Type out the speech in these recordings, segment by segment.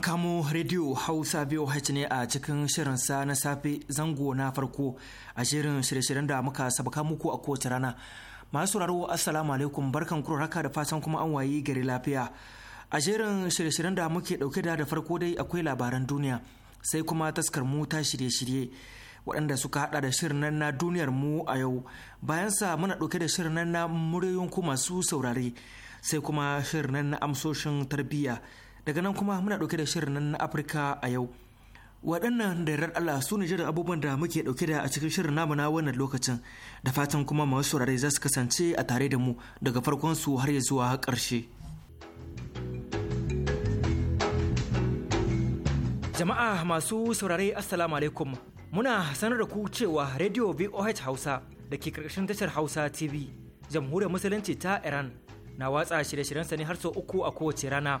An kamo rediyo Hausa VOH ne a cikin shirinsa na safe zango na farko a shirin shirye-shiryen da muka sabaka muku a kowace rana. Masu sauraro Assalamu alaikum barkan kuro haka da fatan kuma an wayi gari lafiya. A jerin shirye-shiryen da muke dauke da da farko dai akwai labaran duniya sai kuma taskar mu ta shirye-shirye waɗanda suka hada da shirin nan na duniyar mu a yau bayan sa muna dauke da shirin nan na muryoyin ku masu saurare sai kuma shirin nan na amsoshin tarbiyya daga nan kuma muna ɗauke da shirin nan na afirka a yau waɗannan da yarar Allah su ne jiran abubuwan da muke ɗauke da a cikin shirin namu na wannan lokacin da fatan kuma masu saurare za su kasance a tare da mu daga farkon su har ya zuwa ƙarshe. Jama'a masu saurare Assalamu alaikum muna sanar da ku cewa Radio VOH Hausa da ke karkashin tashar Hausa TV jamhuriyar musulunci ta Iran na watsa shirye-shiryensa ne har sau uku a kowace rana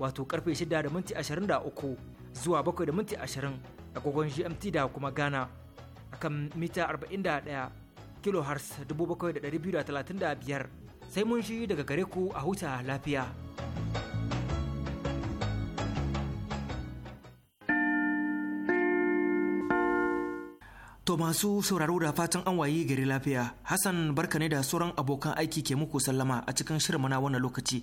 wato karfe 6 da minti 23 zuwa 7 da minti 20 agogon GMT da kuma Ghana akan mita 41 kilohertz 7,235 sai mun shi daga gare ku a huta lafiya. To masu sauraro da fatan an wayi gari lafiya, Hassan barka ne da sauran abokan aiki ke muku sallama a cikin shirin na wannan lokaci.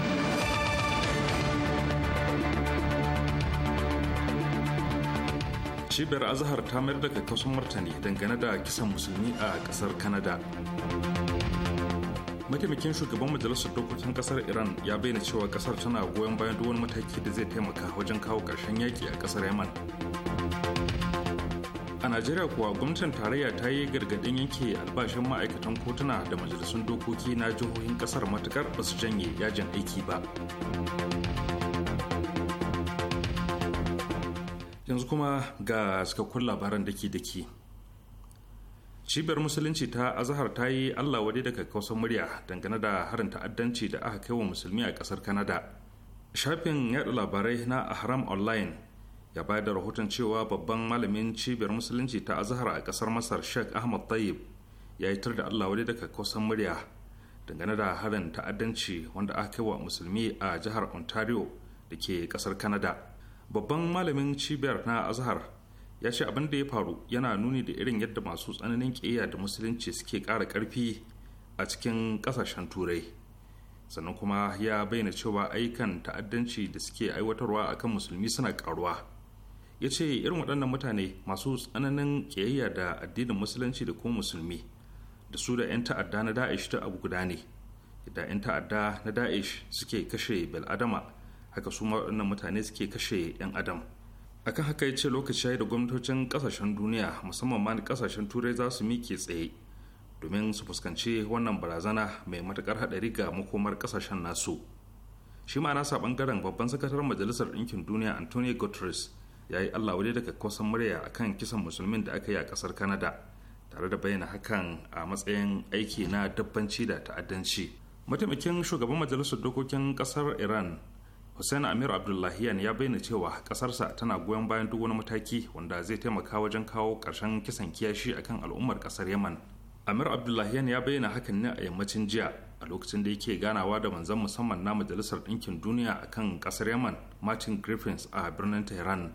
cibiyar azahar ta mayar da kakkausun martani dangane da kisan musulmi a kasar kanada. mataimakin shugaban majalisar dokokin kasar iran ya bayyana cewa kasar tana goyon bayan duk wani mataki da zai taimaka wajen kawo ƙarshen yaƙi a kasar yaman a najeriya kuwa gwamnatin tarayya ta yi gargadin yanke albashin ma'aikatan kotuna da majalisun dokoki na jihohin kasar matukar basu janye yajin aiki ba yanzu kuma ga cikakkun labaran da ke cibiyar musulunci ta azahar ta yi allah wadai daga kawasan murya dangane da harin ta'addanci da aka kai wa musulmi a kasar kanada shafin yada labarai na ahram online ya bayar da rahoton cewa babban malamin cibiyar musulunci ta azahar a kasar masar sheikh ahmad tayyib ya yi tar da allah wadai daga kawasan murya dangane da harin ta'addanci wanda aka kai wa musulmi a jihar ontario da ke kasar kanada babban malamin cibiyar na azhar ya ce abin da ya faru yana nuni da irin yadda masu tsananin ƙiyya da musulunci suke ƙara ƙarfi a cikin ƙasashen turai sannan kuma ya bayyana cewa ayyukan ta'addanci da suke aiwatarwa a kan musulmi suna ƙaruwa ya ce irin waɗannan mutane masu tsananin ƙiyayya da addinin musulunci da kuma musulmi da su da 'yan ta'adda na da'ish ta abu guda ne da 'yan ta'adda na da'ish suke kashe bil'adama haka su waɗannan mutane suke kashe 'yan adam akan haka ya ce lokaci da gwamnatocin kasashen duniya musamman ma kasashen turai za su mike tsaye domin su fuskanci wannan barazana mai matukar haɗari ga makomar kasashen nasu shi ma sabon bangaren babban sakataren majalisar ɗinkin duniya antonio guterres ya yi allah wuri daga kwasan murya akan kisan musulmin da aka yi a ƙasar kanada tare da bayyana hakan a matsayin aiki na dabbanci da ta'addanci mataimakin shugaban majalisar dokokin ƙasar iran hussein amir abdullahiyan ya bayyana cewa kasarsa tana goyon bayan duk wani mataki wanda zai taimaka wajen kawo ƙarshen kisan kiyashi akan al'ummar ƙasar yaman amir abdullahiyan ya bayyana hakan ne a yammacin jiya a lokacin da yake ganawa da manzan musamman na majalisar ɗinkin duniya akan ƙasar yaman martin Griffiths a birnin tehran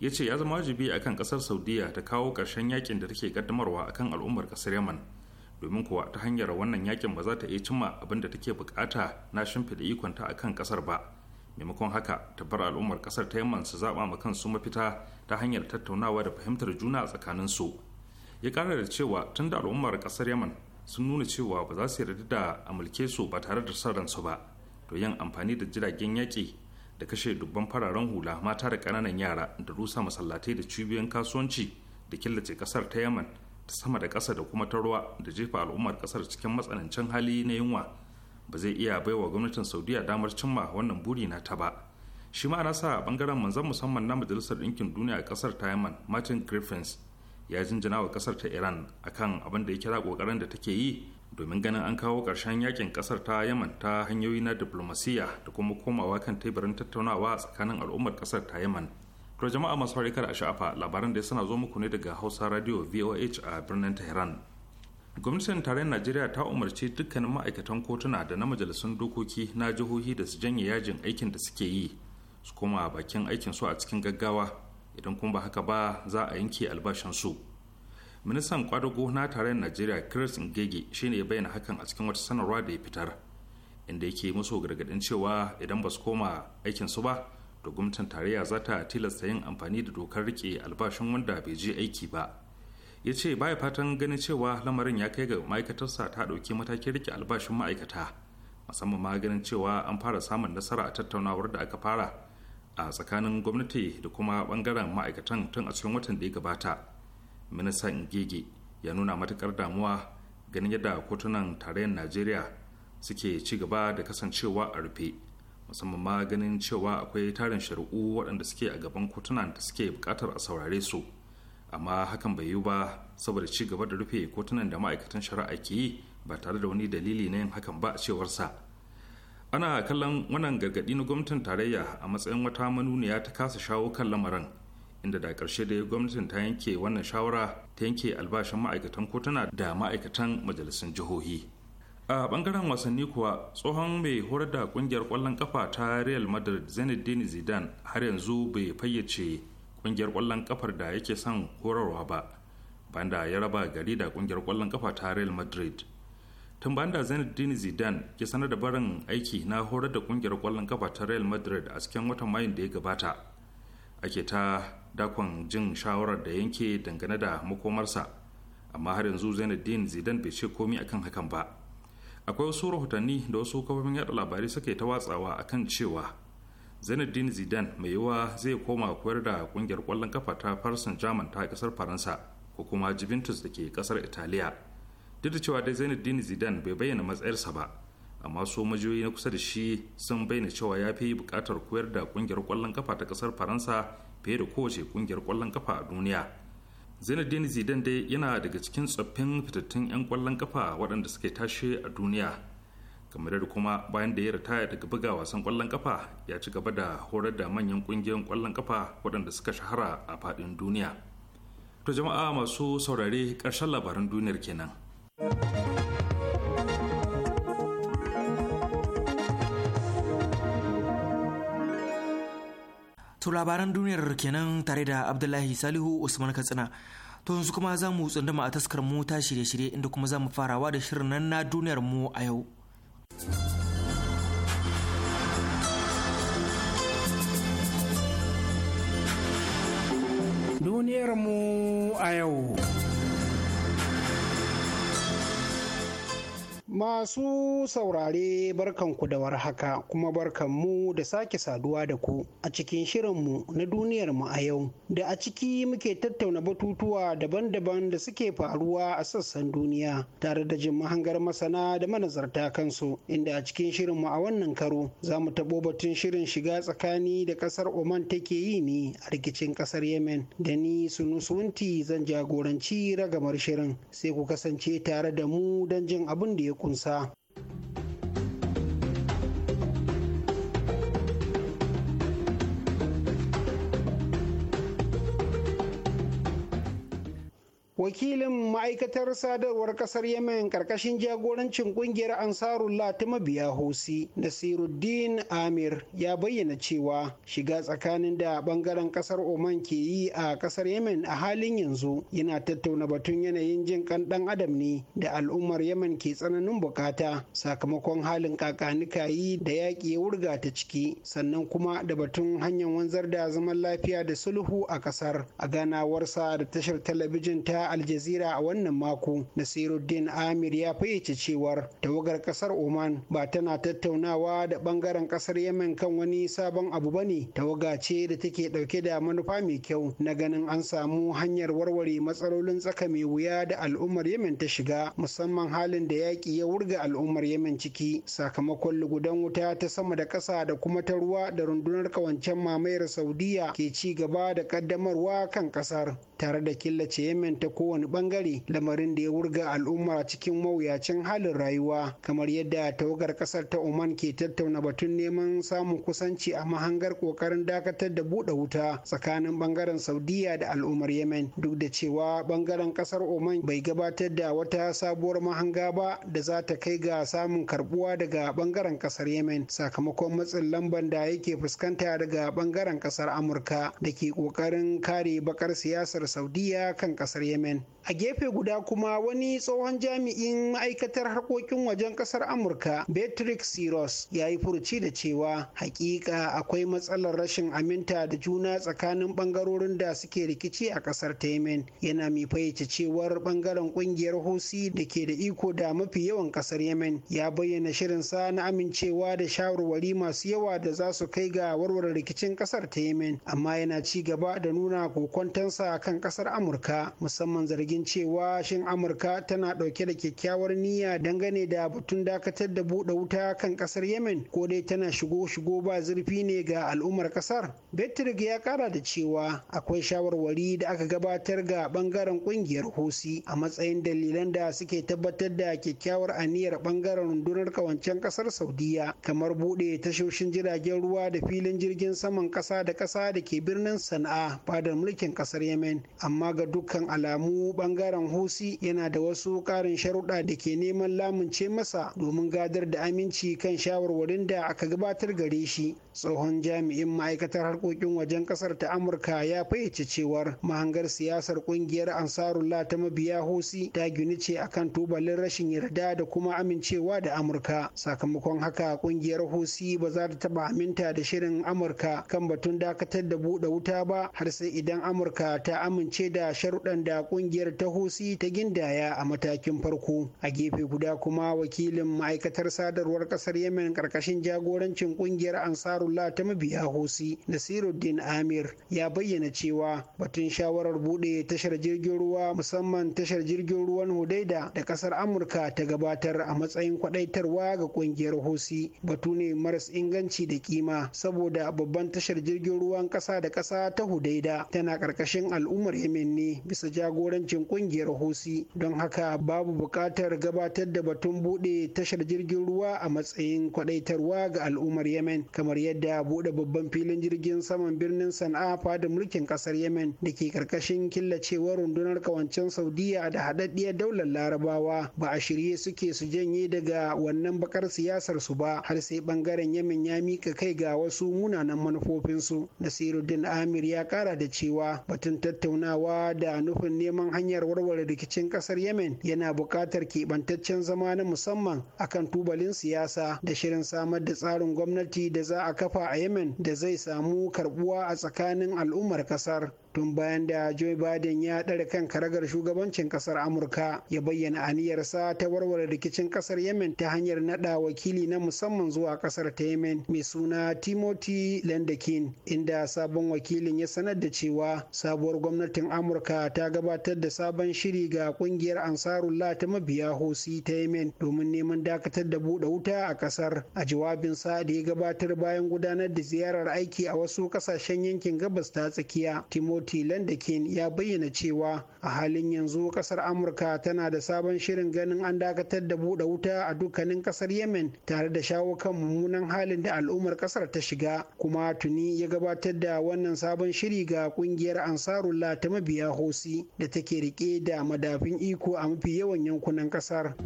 ya ce ya zama wajibi akan ƙasar saudiya ta kawo ƙarshen yakin da take kaddamarwa akan al'ummar ƙasar yaman domin kuwa ta hanyar wannan yakin ba za ta iya cimma abin da take bukata na shimfiɗa ikonta akan ƙasar ba maimakon haka tabbar al'ummar kasar ta yamman su zaba ma kansu mafita ta hanyar tattaunawa da fahimtar juna a tsakanin su ya kara da cewa tun da al'ummar kasar yaman sun nuna cewa ba za su yarda da a su ba tare da son ransu ba to yin amfani da jiragen yaƙi da kashe dubban fararen hula mata da ƙananan yara da rusa masallatai da cibiyoyin kasuwanci da killace kasar ta yaman ta sama da ƙasa da kuma ta ruwa da jefa al'ummar ƙasar cikin matsanancin hali na yunwa ba zai iya baiwa gwamnatin saudiya damar cimma wannan buri na ta ba shi ma ana nasa bangaren manzan musamman na majalisar ɗinkin duniya a ƙasar ta yaman martin griffins ya jinjina wa ƙasar ta iran akan abin da ya kira ƙoƙarin da take yi domin ganin an kawo ƙarshen yakin ƙasar ta yaman ta hanyoyi na diplomasiya da kuma komawa kan teburin tattaunawa tsakanin al'ummar ƙasar ta yaman to jama'a masu harikar a sha'afa labaran da ya sana zo muku ne daga hausa radio voh a birnin tehran gwamnatin tarayyar najeriya ta umarci dukkanin ma'aikatan kotuna da na majalisun dokoki na jihohi da su janye yajin aikin da suke yi su koma bakin aikin su a cikin gaggawa idan kuma ba haka ba za a yanke albashin su ministan kwadago na tarayyar najeriya chris ngege shine ya bayyana hakan a cikin wata sanarwa da ya fitar inda yake musu gargadin cewa idan ba su koma aikin su ba to gwamnatin tarayya za ta tilasta yin amfani da dokar rike albashin wanda bai je aiki ba ya ce baya fatan ganin cewa lamarin ya kai ga ma'aikatarsa ta ɗauki matakin rike albashin ma'aikata musamman ma ganin cewa an fara samun nasara a tattaunawar da aka fara a tsakanin gwamnati da kuma bangaren ma'aikatan tun a cikin watan da ya gabata ministan ngege ya nuna matukar damuwa ganin yadda kotunan tarayyar najeriya suke ci gaba da kasancewa a rufe musamman ma ganin cewa akwai tarin shari'u waɗanda suke a gaban kotunan da suke buƙatar a saurare su amma hakan bai yiwu ba saboda ci gaba da rufe kotunan da ma'aikatan shari'a ke yi ba tare da wani dalili na yin hakan ba a cewarsa ana kallon wannan gargaɗi na gwamnatin tarayya a matsayin wata manuniya ta kasa shawo kan lamarin inda da ƙarshe da gwamnatin ta yanke wannan shawara ta yanke albashin ma'aikatan kotuna da ma'aikatan majalisun jihohi a bangaren wasanni kuwa tsohon mai horar da kungiyar kwallon kafa ta real madrid zinedine zidane har yanzu bai fayyace kungiyar kwallon kafar da yake son horarwa ba banda ya raba gari da kungiyar kwallon kafa ta real madrid tun banda zinedine zidane ke sanar da barin aiki na horar da kungiyar kwallon kafa ta real madrid a cikin watan mayun da ya gabata ake ta dakon jin shawarar da yanke dangane da makomarsa amma har yanzu zinedine zidane bai ce komi akan hakan ba akwai wasu rahotanni da wasu kafofin yada labarai yi ta watsawa akan cewa zainuddin zidane mai yiwa zai koma koyar da kungiyar kwallon kafa ta farsan german ta kasar faransa ko kuma juventus da ke kasar italiya duk da cewa dai zainuddin zidane bai bayyana matsayarsa ba amma su majiyoyi na kusa da shi sun bayyana cewa ya fi bukatar koyar da kungiyar kwallon kafa ta kasar faransa fiye da kowace kungiyar kwallon kafa a duniya zainuddin zidane dai yana daga cikin tsoffin fitattun 'yan kwallon kafa waɗanda suke tashe a duniya kamar da kuma bayan da ya ritaya daga buga wasan kwallon kafa ya ci gaba da horar da manyan kungiyoyin kwallon kafa waɗanda suka shahara a faɗin duniya to jama'a masu saurare ƙarshen labaran duniyar kenan to labaran duniyar kenan tare da abdullahi salihu usman katsina to yanzu kuma za mu tsunduma a taskar mu ta shirye-shirye inda kuma za mu farawa da shirin nan na duniyar mu a yau duniyarmu a yau. Masu saurare barkanku da warhaka kuma barkanmu da sake saduwa da ku a cikin shirinmu na duniyar mu a yau da a ciki muke tattauna batutuwa daban-daban da suke faruwa a sassan duniya tare da jin mahangar masana da manazarta kansu inda a cikin shirinmu a wannan karo za mu tabo batun shirin shiga tsakani da kasar Oman take yi ne a rikicin kasar Yemen da ni sunusunti zan jagoranci ragamar shirin sai ku kasance tare da mu don jin abin da ya kunsa wakilin ma'aikatar sadarwar kasar yemen karkashin jagorancin kungiyar ansarullah ta mabiya hosi nasiruddin amir ya bayyana cewa shiga tsakanin da bangaren kasar oman ke yi a kasar yemen a halin yanzu yana tattauna batun yanayin jin kan dan adam ne da al'ummar yemen ke tsananin bukata sakamakon halin kakanika yi da yaƙi ya wurga ta ciki sannan kuma da batun hanyar wanzar da zaman lafiya da sulhu a kasar a ganawarsa da tashar talabijin ta Aljazeera a wannan mako, Nasiruddin Amir ya fayyace cewar tawagar kasar Oman ba tana tattaunawa da bangaren kasar Yemen kan wani sabon abu ba ne? tawaga ce da take dauke da manufa mai kyau na ganin an samu hanyar warware matsalolin tsaka mai wuya da al'ummar Yemen ta shiga musamman halin da yaƙi ya wurga al'ummar Yemen ciki sakamakon lugudan wuta ta sama da ƙasa da kuma ta ruwa da rundunar kawancen mamayar Saudiya ke ci gaba da ƙaddamarwa kan ƙasar tare da killace Yemen ta kowane bangare lamarin da ya wurga al'umma cikin mawuyacin halin rayuwa kamar yadda tawagar kasar ta oman ke tattauna batun neman samun kusanci a mahangar kokarin dakatar da buɗe wuta tsakanin bangaren saudiya da al'ummar yemen duk da cewa bangaren kasar oman bai gabatar da wata sabuwar mahanga ba da za ta kai ga samun karbuwa daga bangaren kasar yemen sakamakon matsin lamban da yake fuskanta daga bangaren kasar amurka da ke kokarin kare bakar siyasar saudiya kan kasar yemen win. a gefe guda kuma wani tsohon jami'in ma'aikatar harkokin wajen kasar amurka beatrix siros ya yi furuci da cewa hakika akwai matsalar rashin aminta da juna tsakanin bangarorin da suke rikici a kasar ta yemen yana mai fayyace cewar bangaren kungiyar hosi da ke da iko da mafi yawan kasar yemen ya bayyana shirinsa na amincewa da shawarwari masu yawa da za su kai ga warware rikicin kasar ta yemen amma yana ci gaba da nuna kokwantansa kan kasar amurka musamman zargin zargin cewa shin amurka tana ɗauke da kyakkyawar niyya dangane da batun dakatar da buɗe wuta kan ƙasar yemen ko dai tana shigo shigo ba zurfi ne ga al'ummar ƙasar betrig ya ƙara da cewa akwai shawarwari da aka gabatar ga ɓangaren ƙungiyar hosi a matsayin dalilan da suke tabbatar da kyakkyawar aniyar ɓangaren rundunar kawancen ƙasar saudiya kamar buɗe tashoshin jiragen ruwa da filin jirgin saman ƙasa da ƙasa da ke birnin sana'a fadar mulkin ƙasar yemen amma ga dukkan alamu bangaren husi yana da wasu karin sharuɗa da ke neman lamunce masa domin gadar da aminci kan shawarwarin da aka gabatar gare shi tsohon jami'in ma'aikatar harkokin wajen kasar ta amurka ya fayyace cewar mahangar siyasar ƙungiyar ansarullah ta mabiya hosi ta gini ce kan tubalin rashin yarda da kuma amincewa da amurka sakamakon haka ƙungiyar hosi ba za ta taba aminta da shirin amurka kan batun dakatar da buɗe wuta ba har sai idan amurka ta amince da sharuɗan da ƙungiyar. ta hosi ta gindaya a matakin farko a gefe guda kuma wakilin ma'aikatar sadarwar kasar yemen karkashin jagorancin kungiyar ansarullah ta mabiya hosi nasiruddin amir ya bayyana cewa batun shawarar bude tashar jirgin ruwa musamman tashar jirgin ruwan hudaida da kasar amurka ta gabatar a matsayin kwadaitarwa ga kungiyar hosi batu ne maras inganci da kima saboda babban tashar jirgin ruwan kasa da kasa ta hudaida tana karkashin al'ummar yemen ne bisa jagorancin dakarun kungiyar hosi don haka babu buƙatar gabatar da batun buɗe tashar jirgin ruwa a matsayin kwadaitarwa ga al'ummar yemen kamar yadda buɗe babban filin jirgin saman birnin sana'a fadin mulkin ƙasar yemen da ke ƙarƙashin killacewar rundunar kawancen saudiya da haɗaɗɗiyar daular larabawa ba a shirye suke su janye daga wannan bakar siyasar su ba har sai ɓangaren yemen ya mika kai ga wasu munanan manufofinsu nasiruddin amir ya ƙara da cewa batun tattaunawa da nufin neman hanya. hanyar warware rikicin kasar yemen yana buƙatar keɓantaccen zama na musamman akan tubalin siyasa da shirin samar da tsarin gwamnati da za a kafa a yemen da zai samu karbuwa a tsakanin al'ummar kasar tun bayan da Joe Biden ya ɗare kan karagar shugabancin ƙasar Amurka ya bayyana aniyarsa ta warware rikicin ƙasar Yemen ta hanyar naɗa wakili na musamman zuwa ƙasar ta Yemen mai suna Timothy Lendekin inda sabon wakilin ya sanar da cewa sabuwar gwamnatin Amurka ta gabatar da sabon shiri ga ƙungiyar Ansarullah ta mabiya Hosi ta Yemen domin neman dakatar da buɗe wuta a ƙasar a jawabinsa da ya gabatar bayan gudanar da ziyarar aiki a wasu ƙasashen yankin gabas ta tsakiya. Timothy da ke ya bayyana cewa a halin yanzu kasar amurka tana da sabon shirin ganin an dakatar da buɗe wuta a dukkanin kasar yemen tare da shawo kan mummunan halin da al'ummar kasar ta shiga kuma tuni ya gabatar da wannan sabon shiri ga kungiyar ansarullah ta mabiya hosi da take rike da madafin iko a mafi yawan yankunan kasar.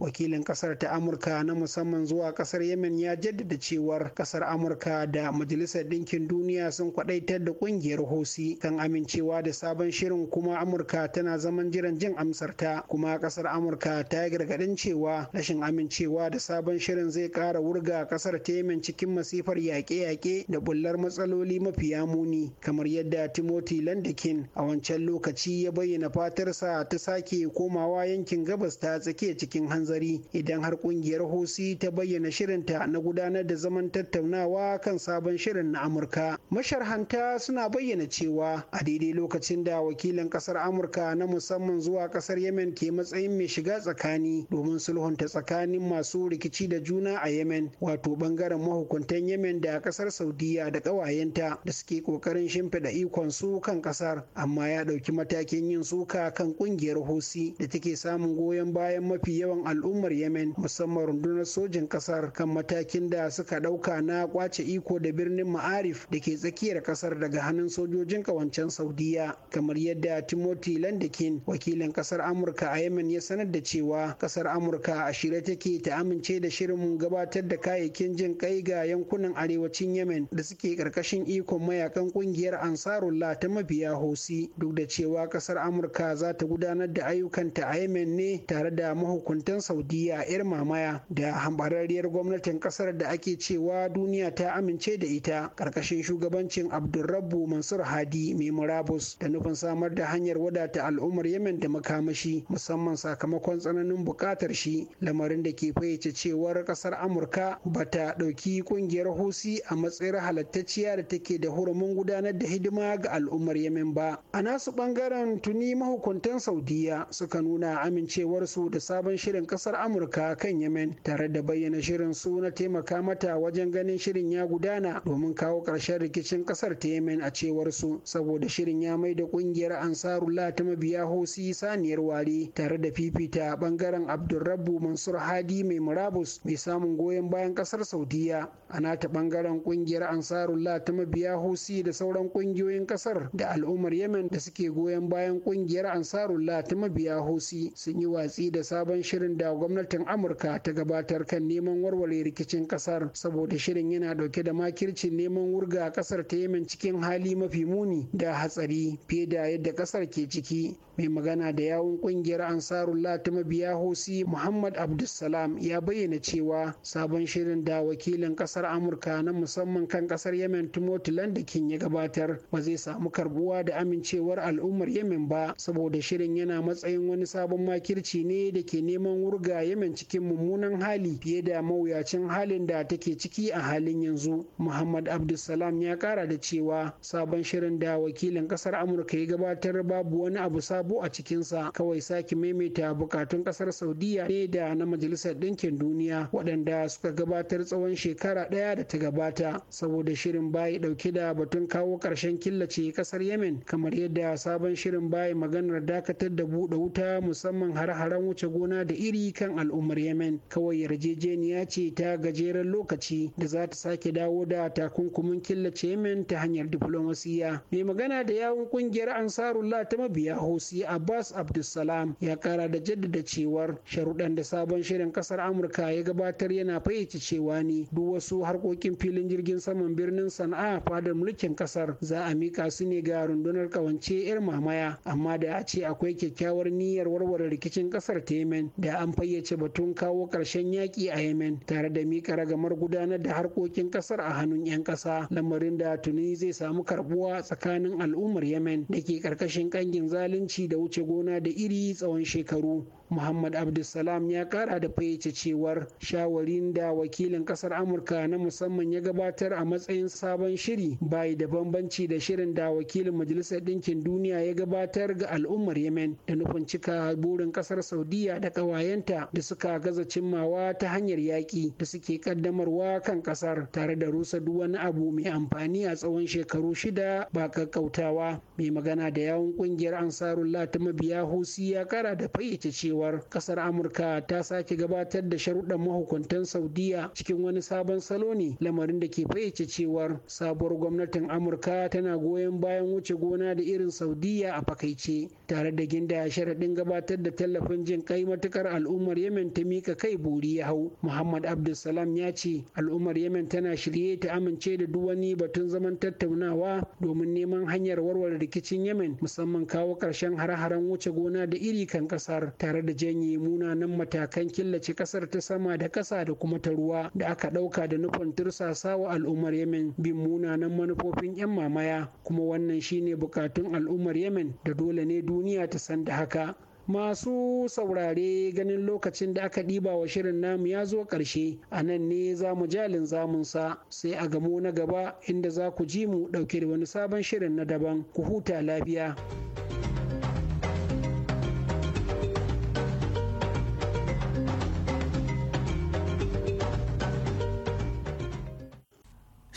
wakilin kasar ta amurka na musamman zuwa kasar yemen ya jaddada cewar kasar amurka da majalisar ɗinkin duniya sun kwadaitar da kungiyar hosi kan amincewa da sabon shirin kuma amurka tana zaman jiran jin amsarta kuma kasar amurka ta yi gargaɗin cewa rashin amincewa da sabon shirin zai ƙara wurga kasar ta yemen cikin masifar yaƙe-yaƙe da bullar matsaloli mafiya muni kamar yadda timothy landakin a wancan lokaci ya bayyana fatarsa ta sake komawa yankin gabas ta tsakiya cikin hanzari nazari idan har kungiyar hosi ta bayyana shirinta na gudanar da zaman tattaunawa kan sabon shirin na amurka masharhanta suna bayyana cewa a daidai lokacin da wakilin kasar amurka na musamman zuwa kasar yemen ke matsayin mai shiga tsakani domin sulhunta tsakanin masu rikici da juna a yemen wato bangaren mahukuntan yemen da kasar saudiya da ƙawayenta da suke ƙoƙarin shimfiɗa ikon su kan kasar amma ya ɗauki matakin yin suka kan ƙungiyar hosi da take samun goyon bayan mafi yawan al al'ummar yemen musamman rundunar sojin kasar kan matakin da suka ɗauka na kwace iko da birnin ma'arif da ke tsakiyar kasar daga hannun sojojin kawancen saudiya kamar yadda timothy landakin wakilin kasar amurka a yemen ya sanar da cewa kasar amurka a shirye take ta amince da shirin gabatar da kayayyakin jin kai ga yankunan arewacin yemen da suke karkashin ikon mayakan kungiyar ansarullah ta mabiya hosi duk da cewa kasar amurka za ta gudanar da ayyukanta a yemen ne tare da mahukuntan saudiya yar mamaya da hambarariyar gwamnatin kasar da ake cewa duniya ta amince da ita karkashin shugabancin abdulrabbu mansur hadi mai murabus da nufin samar da hanyar wadata al'ummar yemen da makamashi musamman sakamakon tsananin bukatar shi lamarin da ke fayyace cewar kasar amurka ba ta ɗauki kungiyar husi a matsayin halattacciya da take da hurumin gudanar da hidima ga al'ummar yemen ba a nasu bangaren tuni mahukuntan saudiya suka nuna amincewarsu da sabon shirin kasar kasar amurka kan yemen tare da bayyana shirin su na taimaka mata wajen ganin shirin ya gudana domin kawo ƙarshen rikicin kasar ta yemen a cewar su saboda shirin ya mai da kungiyar ansarullah ta mabiya hosi saniyar ware tare da fifita bangaren abdulrabbu mansur hadi mai murabus mai samun goyon bayan kasar saudiya a nata bangaren ƙungiyar ansarullah ta mabiya hosi da sauran ƙungiyoyin kasar da al'ummar yemen da suke goyon bayan ƙungiyar ansarullah ta mabiya hosi sun yi watsi da sabon shirin da a gwamnatin amurka ta gabatar kan neman warware rikicin kasar saboda shirin yana dauke da makircin neman wurga kasar ta yemen cikin hali mafi muni da hatsari fiye da yadda kasar ke ciki mai magana da yawun kungiyar ansarullah ta mabiya hosi muhammad abdulsalam ya bayyana cewa sabon shirin da wakilin kasar amurka na musamman kan kasar yemen timothy landakin ya gabatar ba zai samu karbuwa da amincewar al'ummar yemen ba saboda shirin yana matsayin wani sabon makirci ne da ke neman wurga yemen cikin mummunan hali fiye da mawuyacin halin da take ciki a halin yanzu muhammad abdulsalam ya kara da cewa sabon shirin da wakilin kasar amurka ya gabatar babu wani abu sabon sabo a cikinsa kawai sake maimaita bukatun kasar saudiya ne da na majalisar ɗinkin duniya waɗanda suka gabatar tsawon shekara ɗaya da ta gabata saboda shirin bayi ɗauke da batun kawo ƙarshen killace kasar yemen kamar yadda sabon shirin bayi maganar dakatar da buɗe wuta musamman har-haren wuce gona da iri kan al'ummar yemen kawai yarjejeniya ce ta gajeren lokaci da za ta sake dawo da takunkumin killace yemen ta hanyar diflomasiya mai magana da yawun kungiyar ansarullah ta mabiya hosiya sarki abbas abdulsalam ya kara da jaddada cewar sharuɗan da sabon shirin kasar amurka ya gabatar yana fayyace cewa ne duk wasu harkokin filin jirgin saman birnin sana'a fadar mulkin kasar za a mika su ne ga rundunar kawance 'yar mamaya amma da a ce akwai kyakkyawar niyyar warware rikicin kasar ta yemen da an fayyace batun kawo ƙarshen yaƙi a yemen tare da mika ragamar gudanar da harkokin kasar a hannun 'yan ƙasa lamarin da tuni zai samu karbuwa tsakanin al'ummar yemen da ke ƙarƙashin ƙangin zalunci da wuce gona da iri tsawon shekaru muhammad abdulsalam ya kara da fayyace cewar shawarin da wakilin kasar amurka na musamman ya gabatar a matsayin sabon shiri bai da bambanci da shirin da wakilin majalisar ɗinkin duniya ya gabatar ga al'ummar yemen da nufin cika burin kasar saudiya da ƙawayenta da suka gaza cimmawa ta hanyar yaƙi da suke ƙaddamarwa kan ƙasar tare da rusa duk wani abu mai amfani a tsawon shekaru shida ba ƙaƙƙautawa mai magana da yawun ƙungiyar ansarullah ta mabiya hosi ya kara da fayyace cewa cewar kasar amurka ta sake gabatar da sharuɗan mahukuntan saudiya cikin wani sabon salo ne lamarin da ke fayyace cewar sabuwar gwamnatin amurka tana goyon bayan wuce gona da irin saudiya a fakaice tare da ginda sharaɗin gabatar da tallafin jin kai matukar al'ummar yemen ta mika kai buri ya hau muhammad abdulsalam ya ce al'ummar yemen tana shirye ta amince da duk wani batun zaman tattaunawa domin neman hanyar warware rikicin yemen musamman kawo ƙarshen hare-haren wuce gona da iri kan ƙasar tare da da janye munanan matakan killace kasar ta sama da kasa da kuma ta ruwa da aka dauka da nufin tursasa wa al'ummar yemen bin munanan manufofin yan mamaya kuma wannan shine bukatun al'ummar yemen da dole ne duniya ta san da haka masu saurare ganin lokacin da aka ɗiba wa shirin namu ya zo ƙarshe a nan ne za mu jalin zamunsa sai a gamo na gaba inda za ku ji mu ɗauke da wani sabon shirin na daban ku huta lafiya.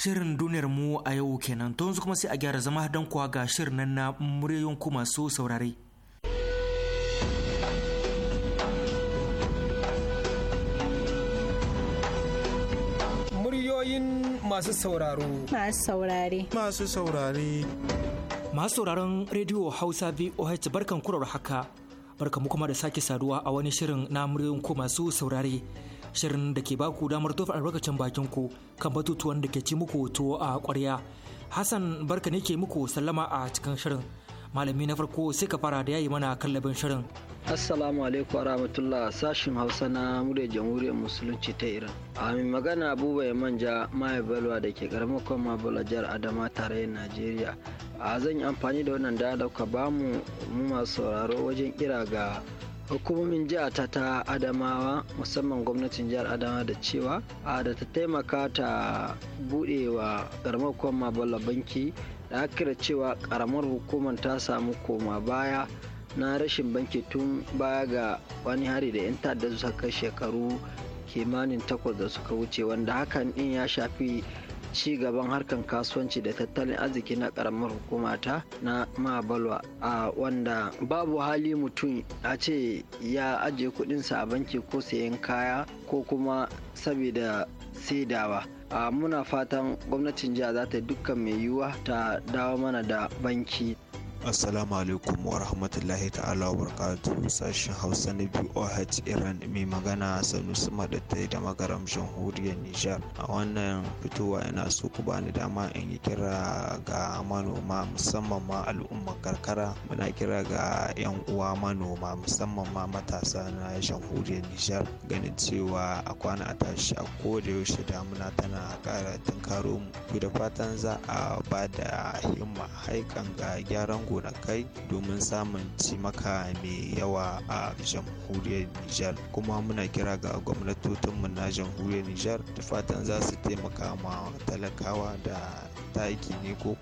Shirin duniyar mu a yau kenan to yanzu kuma sai a gyara zama don kuwa ga shirin nan na muryoyin kuma masu saurare. Muryoyin masu sauraro. Masu saurare. Masu saurare. Masu sauraron rediyo Hausa VOH barkan kurar haka. Barkan mu kuma da sake saduwa a wani shirin na muryoyin kuma masu saurare. shirin da ke baku damar tofa albarkacin bakin ku kan batutuwan da ke ci muku tuwo a ƙwarya. Hassan barka ne ke muku sallama a cikin shirin. Malami na farko sai ka fara da yayi mana kallabin shirin. Assalamu alaikum warahmatullah sashin Hausa na murya jamhuriyar musulunci ta Iran. Amin magana buba ya manja Maya Balwa da ke karamar kwamma jihar Adama tarayyar Najeriya. A zan yi amfani da wannan da ba ba mu masu sauraro wajen kira ga hukumomin jihata ta adamawa musamman gwamnatin jihar adama da cewa a da ta taimaka ta buɗewa karamar kwamma bala banki da aka da cewa karamar hukumar ta samu koma baya na rashin banki tun baya ga wani hari da 'yan ta'adda suka kai shekaru kimanin takwas da suka wuce wanda hakan din ya shafi ci gaban harkar kasuwanci da tattalin arziki na karamar hukumata na mabalwa a wanda babu hali mutum a ce ya ajiye kudinsa a banki ko sayan kaya ko kuma saboda saidawa a muna fatan gwamnatin jiha za ta dukkan mai yiwuwa ta dawo mana da banki Assalamu alaikum wa rahmatullahi ta'ala wa barakatuhu sashen Hausa na biyu BOH Iran mai magana Sanusi Madatta da magaram jamhuriyar Nijar. A wannan fitowa ina so ku bani dama in yi kira ga manoma musamman ma al'umman karkara muna kira ga 'yan uwa manoma musamman ma matasa na jamhuriyar Nijar ganin cewa a kwana a tashi a koda yaushe damuna tana ƙara tunkaro mu. To da fatan za a ba da himma haikan ga gyaran gonakai domin samun cimaka mai yawa a jamhuriyar Nijar. Kuma muna kira ga gwamnatocinmu na jamhuriyar Nijar da fatan za su taimaka ma talakawa da taki ne ko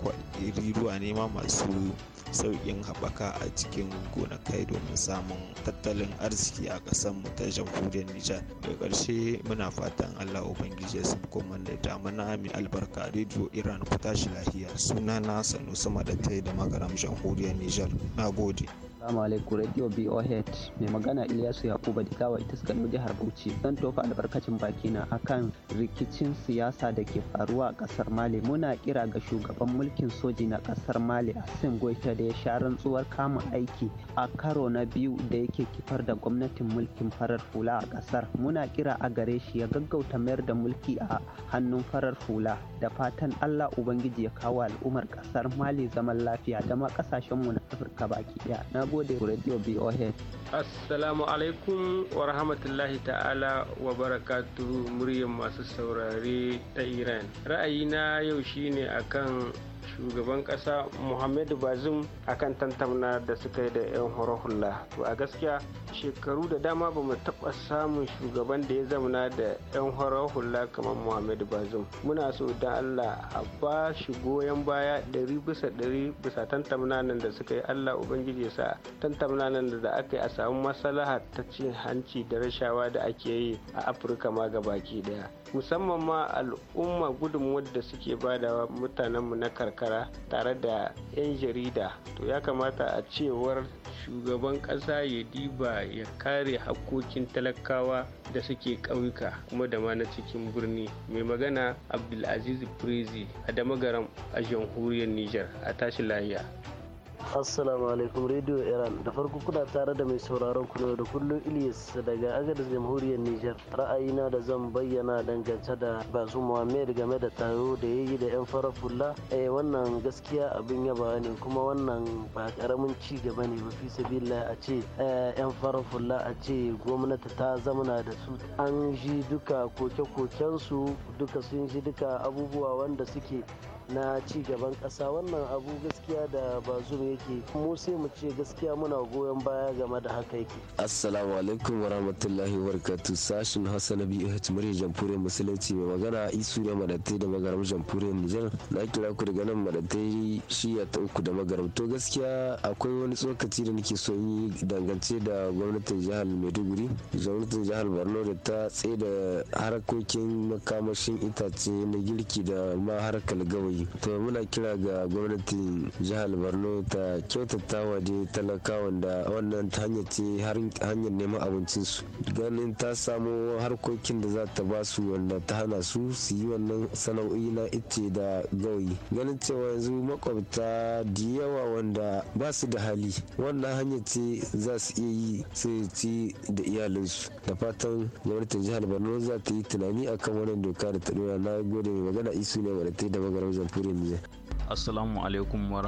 iri ruwa ne ma masu sauƙin haɓaka a cikin gonakai domin samun tattalin arziki a ƙasar mu ta jamhuriyar Nijar. Daga ƙarshe muna fatan Allah Ubangiji ya sabko mana da mana mai albarka rediyo Iran ku tashi lahiya sunana Sanusi Madatai da magaram jamhuriyar Nijar. Na gode. Assalamu alaikum Radio BOH mai magana Ilyasu Yakuba Digawa ita suka jihar Bauchi zan tofa albarkacin baki bakina akan rikicin siyasa da ke faruwa a kasar Mali muna kira ga shugaban mulkin soji na kasar Mali Hassan Goita da ya sha rantsuwar kama aiki a karo na biyu da yake kifar da gwamnatin mulkin farar hula a kasar muna kira a gare shi ya gaggauta mayar da mulki a hannun farar hula da fatan Allah Ubangiji ya kawo al'ummar kasar Mali zaman lafiya da ma kasashenmu na Afirka baki daya na gode radio boa Assalamu alaikum wa rahmatullahi ta'ala wa barakatu muryar masu saurare ta Iran. Ra'ayina yau shine akan shugaban ƙasa muhammadu bazum akan tantamna da suka yi da 'yan hula to a gaskiya shekaru da dama ba mu taɓa samun shugaban da ya zamana da 'yan hula kamar muhammadu bazum muna so da allah a ba shi goyon baya ɗari bisa ɗari bisa tantamna nan da suka yi allah ubangiji sa tantamna nan da aka yi a samu maslaha ta cin hanci da rashawa da ake yi a afirka ma gabaki ɗaya. musamman ma al'umma gudunmuwar da suke badawa mutanenmu na karkara tare da 'yan jarida to ya kamata a cewar shugaban ƙasa ya diba ya kare hakkokin talakawa da suke ƙauyuka kuma da ma na cikin birni mai magana abdulaziz prezi a damagaram a jamhuriyar niger a tashi lahiya assalamu alaikum radio iran da farko kuna tare da mai sauraron ku da kullum ilyas daga agadis jamhuriyar niger ra'ayina da zan bayyana dangance da basu muhammed game da taro da ya yi da yan farar fulla eh wannan gaskiya abin yaba ne kuma wannan ba karamin ci gaba ne mafi sabila a ce yan eh, farar fulla a ce gwamnati ta zamana da su an ji duka koke kokensu duka sun ji duka abubuwa wanda suke na ci gaban ƙasa wannan abu gaskiya da ba zuru yake mu sai mu ce gaskiya muna goyon baya game da haka yake assalamu alaikum wa rahmatullahi sashin hasan na murya jamhuriyar musulunci mai magana isu ne madatai da magaram jamhuriyar nijar na kira ku daga nan madatai shiya ta uku da magaram to gaskiya akwai wani tsokaci da nake so yi dangance da gwamnatin jihar maiduguri gwamnatin jihar borno da ta tsaye da harkokin makamashin itace na girki da ma harkar gawayi to muna kira ga gwamnatin jihar borno ta kyautata waje talakawan da wannan hanyar ce hanyar neman abincin su ganin ta samo harkokin da za ta ba su wanda ta hana su su yi wannan sana'o'i na ice da gawayi ganin cewa yanzu makwabta da yawa wanda ba su da hali wannan hanyar ce za su iya yi su ci da iyalinsu da fatan gwamnatin jihar borno za ta yi tunani akan wannan doka da ta na gode magana isu ne wadda ta yi da in Envidia. assalamu alaikum wa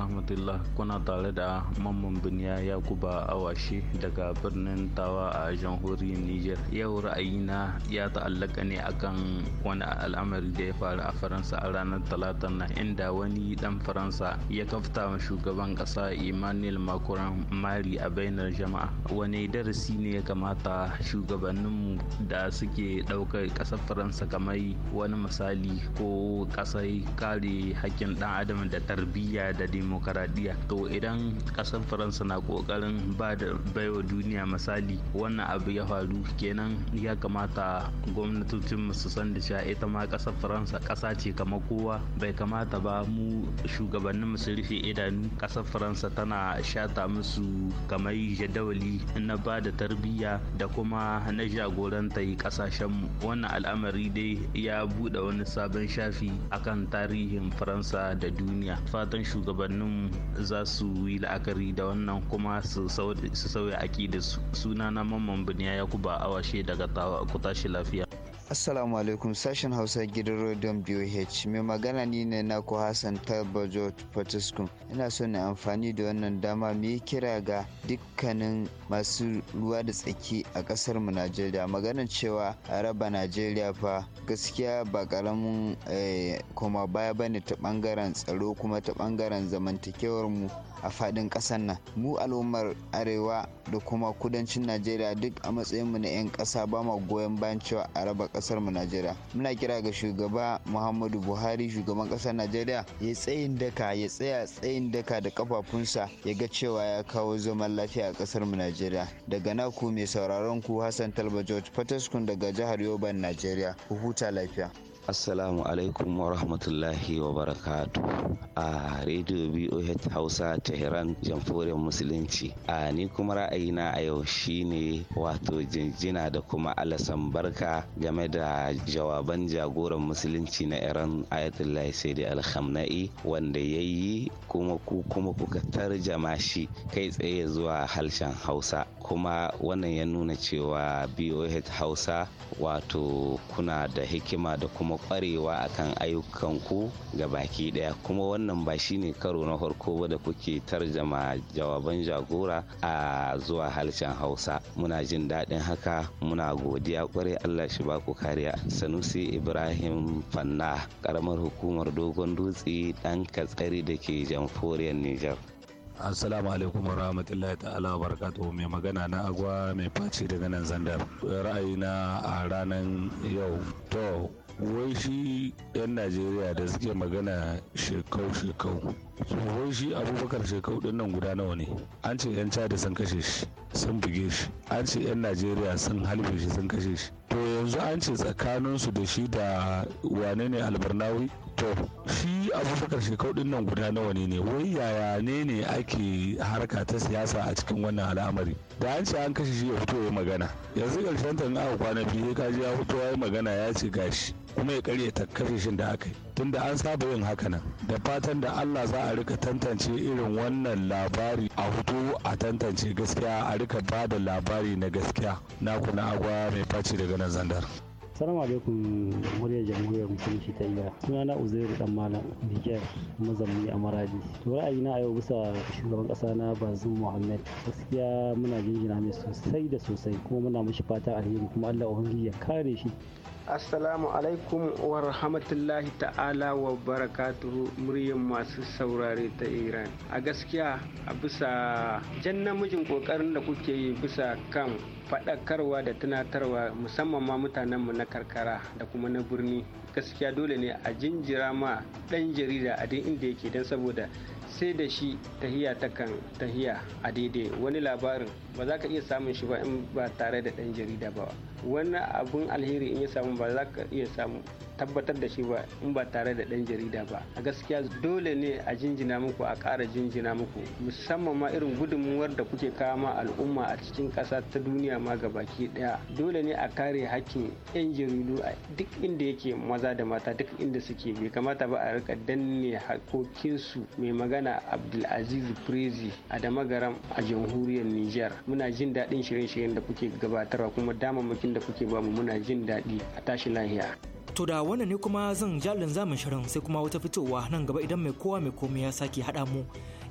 kuna tare da mamman biniya yakuba awashi daga birnin tawa a jamhuriyar niger yau ra'ayina ya ta'allaka ne akan wani al'amari da ya faru a faransa a ranar talata na inda wani dan faransa ya kafta ma shugaban kasa emmanuel macron mari a bainar jama'a wani darasi ne ya kamata shugabanninmu da suke ɗaukar ƙasar faransa kamar wani misali ko ƙasar kare hakkin ɗan adam da tarbiyya da demokaradiyya to idan ƙasar faransa na ƙoƙarin ba da baiwa duniya misali wannan abu ya faru kenan ya kamata gwamnatocin su san da cewa ita ma ƙasar faransa ƙasa ce kamar kowa bai kamata ba mu shugabannin su rufe idanu ƙasar faransa tana shata musu kamar jadawali na ba da tarbiyya da kuma na jagoranta yi ƙasashenmu wannan al'amari dai ya buɗe wani sabon shafi akan tarihin faransa da duniya duniya fatan shugabannin za su yi la'akari da wannan kuma su sauya aƙidar su sunana mamman biniya ya kuba awashe daga kutashi ku lafiya Assalamu alaikum sashen Hausa gidan Rodon BOH mai magana ni ne na ku Hassan Tarbajo Fortescue ina so na amfani da wannan dama mu yi kira ga dukkanin masu ruwa da tsaki a kasar mu Najeriya maganar cewa a raba Najeriya fa gaskiya ba karamin eh, kuma baya bane ta bangaren tsaro kuma ta bangaren zamantakewar mu a faɗin ƙasar nan mu al'ummar arewa da kuma kudancin najeriya duk a matsayin mu na 'yan kasa ba ma goyon bayan cewa a raba kasar mu najeriya muna kira ga shugaba muhammadu buhari shugaban kasar najeriya ya tsayin daka ya tsaya tsayin daka da kafafunsa ya ga cewa ya kawo zaman lafiya a kasar mu najeriya daga naku mai sauraron ku hassan talba george fataskun daga jihar yoban najeriya ku huta lafiya Assalamu alaikum wa rahmatullahi wa barakatu. A Radio BOH Hausa Tehran Jamhuriyar Musulunci. A ni kuma ra'ayina a yau shine wato jinjina da kuma alasan barka game da jawaban jagoran musulunci na Iran sai da Alhamna'i wanda ya yi kuma ku kuma kuka tarjama shi kai tsaye zuwa harshen Hausa. Kuma wannan ya nuna cewa BOH Hausa wato kuna da hikima da kuma samu kwarewa akan ayyukan ku ga baki daya kuma wannan ba shine karo na farko ba da kuke tarjama jawaban jagora a zuwa harshen hausa muna jin daɗin haka muna godiya kwarai allah shi baku kariya sanusi ibrahim fanna karamar hukumar dogon dutse ɗan katsari da ke jamforiyar niger Assalamu alaikum warahmatullahi ta'ala wa barakatuhu mai magana na agwa mai faci daga nan zandar ra'ayina a ranar yau to wai shi 'yan najeriya da suke magana shekau-shekau wai shi abubakar shekau din nan guda nawa ne an ce 'yan chada sun kashe shi sun buge shi an ce 'yan najeriya sun halbe shi sun kashe shi to yanzu an ce tsakaninsu da shi da wane ne albarnawi to shi abubakar shekau din nan guda nawa ne ne wai yaya ne ne ake harka ta siyasa a cikin wannan al'amari da an ce an kashe shi ya fito ya magana yanzu ƙarshen ta aka kwana biyu ka ji ya fito ya magana ya ce gashi kuma ya karyata kafishin da aka yi da an saba yin haka nan da fatan da allah za a rika tantance irin wannan labari a hutu a tantance gaskiya a rika ba da labari na gaskiya na kuna agwa mai faci daga nan zandar salamu alaikum muryar jamhuriyar musulunci ta iya suna na uzairu dan malam niger mazamni a maradi to ra'ayina a yau bisa shugaban kasa na bazin muhammad gaskiya muna jinjina mai sosai da sosai kuma muna mishi fata alheri kuma allah ya kare shi Assalamu alaikum wa rahmatullahi ta'ala wa barakatuhu muryan masu saurare ta Iran. A gaskiya a bisa jan namijin kokarin da kuke yi bisa kan faɗakarwa da tunatarwa musamman ma mutanenmu na karkara da kuma na birni. Gaskiya dole ne a jinjira ma ɗan jarida a duk inda yake don saboda sai da shi tahiya ta kan tahiya a daidai wani labarin ba za ka iya samun shi ba in ba tare da ɗan jarida ba. wani abun alheri in ya samu ba za ka iya samu tabbatar da shi ba in ba tare da ɗan jarida ba a gaskiya dole ne a jinjina muku a ƙara jinjina muku musamman ma irin gudunmuwar da kuke kawo kama al'umma a cikin ƙasa ta duniya ma ga baki ɗaya dole ne a kare hakkin 'yan jaridu a duk inda yake maza da mata duk inda suke bai kamata ba a rika danne hakokinsu mai magana abdulaziz prezi a damagaram a jamhuriyar niger muna jin daɗin shirye-shiryen da kuke gabatarwa kuma damammakin da kuke bamu muna jin daɗi a tashi lahiya. To da wannan ne kuma zan jalin zamin shirin sai kuma wata fitowa nan gaba idan mai kowa mai komai ya sake haɗa mu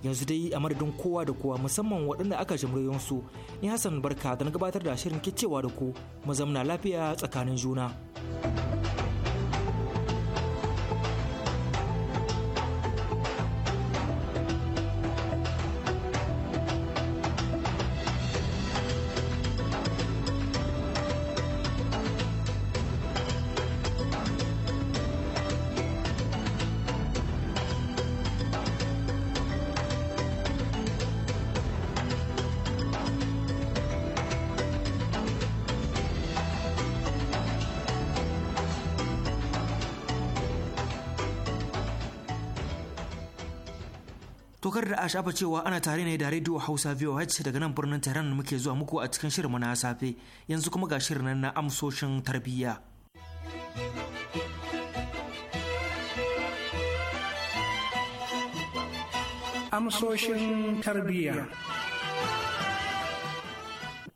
yanzu dai a madadin kowa da kowa musamman waɗanda aka jimriyon su ni Hassan Barka da na gabatar da shirin kicewa da ku mu lafiya tsakanin juna. a shafa cewa ana tare ne da rediyo Hausa VOH daga nan birnin Tehran muke zuwa muku a cikin shirin na safe yanzu kuma ga shirin nan na amsoshin tarbiyya. Amsoshin tarbiyya.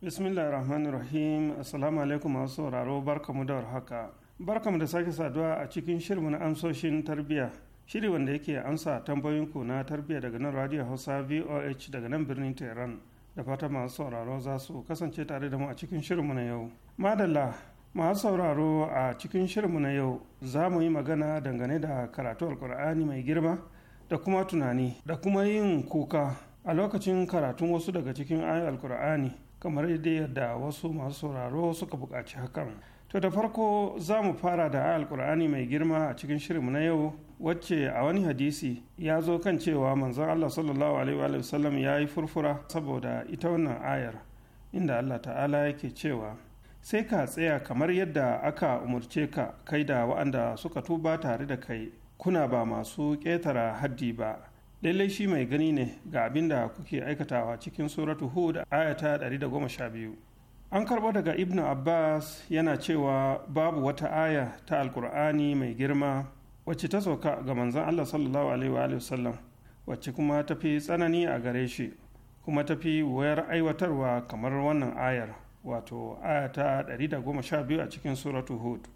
Bismillahir Rahmanir Rahim. Assalamu alaikum masu sauraro barkamu da warhaka. Barkamu da sake saduwa a cikin shirin na amsoshin tarbiyya. shiri wanda yake amsa ku na tarbiyya daga nan radio hausa voh daga nan birnin tehran da fata masu sauraro za su kasance tare da mu a cikin shirinmu na yau madalla masu sauraro a cikin shirinmu na yau za mu yi magana dangane da karatu alkur'ani mai girma da kuma tunani da kuma yin kuka a lokacin karatun wasu daga cikin ayoyin alkur'ani kamar yadda wasu masu sauraro suka buƙaci hakan To da farko za mu fara da alkur'ani mai girma a cikin shirinmu na yau wacce a wani hadisi ya zo kan cewa manzon Allah sallallahu alaihi wa sallam ya yi furfura saboda ita wannan ayar inda Allah ta'ala yake cewa sai ka tsaya kamar yadda aka umarce ka kai da wa'anda suka tuba tare da kai kuna ba masu ƙetara haddi ba lallai shi mai gani ne ga abin da kuke aikatawa cikin suratu hud ayata 112 an karɓo daga ibnu abbas yana cewa babu wata aya ta alkur'ani mai girma wacce ta sauka ga manzon allah sallallahu alaihi wasallam wacce kuma ta fi tsanani a gare shi kuma ta fi wayar aiwatarwa kamar wannan ayar wato aya ta 112 a cikin suratu hud